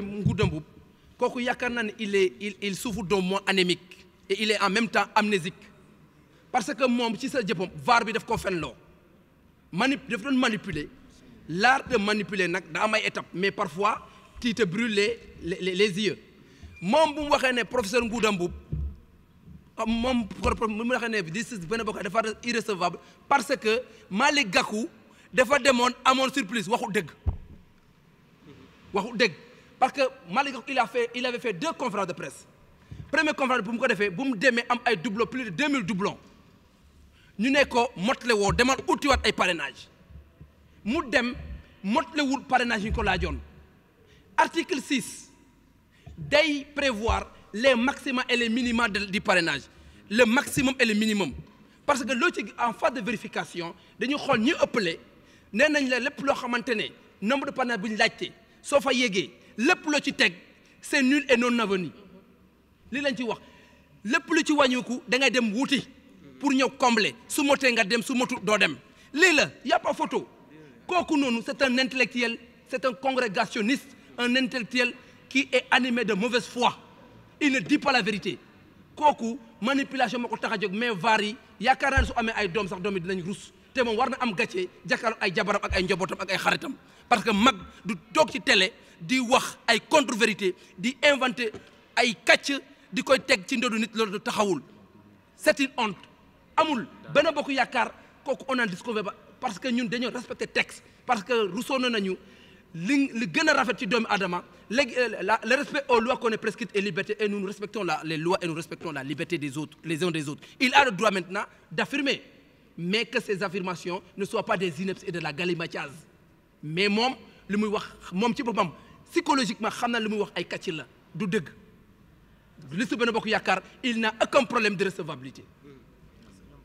joxe Ngouda kooku yaakaar na ne il est il il souffre d'un mot anémique et il est en même temps amnésique parce que moom ci sa jëppam vaar bi def koo fenloo mani daf doon manipuler l'art de manipuler nag daa am ay étape mais parfois tu te brûles les les les yeux moom bu waxee ne professeur Ngouda Mboup ah, moom mu mu waxee ne di si benn bokk dafa irrecevable parce que mali Gakou dafa demoon amoon surplus waxu dëgg waxu dëgg. parce que Malick il a fait il avait fait deux conférences de presse première conférence bu mu ko defee bu mu demee am ay doublons plus de 2000 doublons ñu ne ko motle woo demal utiwaat ay parrainage mu dem motlewul parrainage yi ko laajoon article 6 day prévoir les maxima et les minima du parrainage le maximum et le minimum parce que loo ci en phase de vérification dañu xool ñu ëppale nee nañ la lépp loo xamante ne nombre de parrainage bu ñu laajte soo fa yéegee lépp lu ci teg c'est nul et non avenu li lañ ci wax lépp lu ci wàññiku da ngay dem wuti pour ñëw combler su motee nga dem su motul doo dem lii la y a photo kooku noonu c'est un intellectuel c'est un congrégationniste un intellectuel qui est animé de mauvaise foi il ne dit pas la vérité kooku manipulation moo ko tax a jóg mais vaar yi yaakaar naa ne su amee ay doom sax doom yi dinañ rus te moom war na am gàcce jàkkaarloo ay jabaram ak ay njabootam ak ay xaritam parce que mag du toog ci télé di wax ay contre vérité di inventer ay kàcc di koy teg ci ndodu nit loolu taxawul c'est une honte amul benn bokk yaakaar kooku on a discouvert ba parce que ñun dañoo respecté texte parce que Rousseau na nañu li li gën a rafet ci doomu aadama léegi euh, le respect aux lois qu'on est prescrites et liberté et nous, respectons la les lois et nous respectons la liberté des autres les uns des autres il a le droit maintenant d'affirmer mais que ces affirmations ne soient pas des inepties et de la galimatias mais moom li muy wax moom ci boppam psychologiquement xam na li muy wax ay kàcci la du dëgg liste Benno Bokk Yaakaar il n'a aucun problème de recevabilité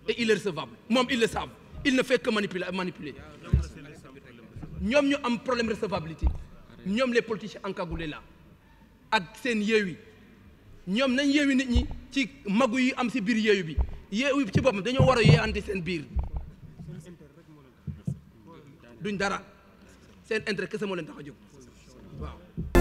et il est recevable moom il na savent il ne fait que manipuler manipuler ñoom ñu am problème recevabilité ñoom les politiciens encagoulés la ak seen yeewi ñoom nañ yeewi nit ñi ci magu yi am si biir yeewi bi yeewi ci boppam dañoo war a yeeante seen biir duñ dara seen intérêt kese moo leen tax a waaw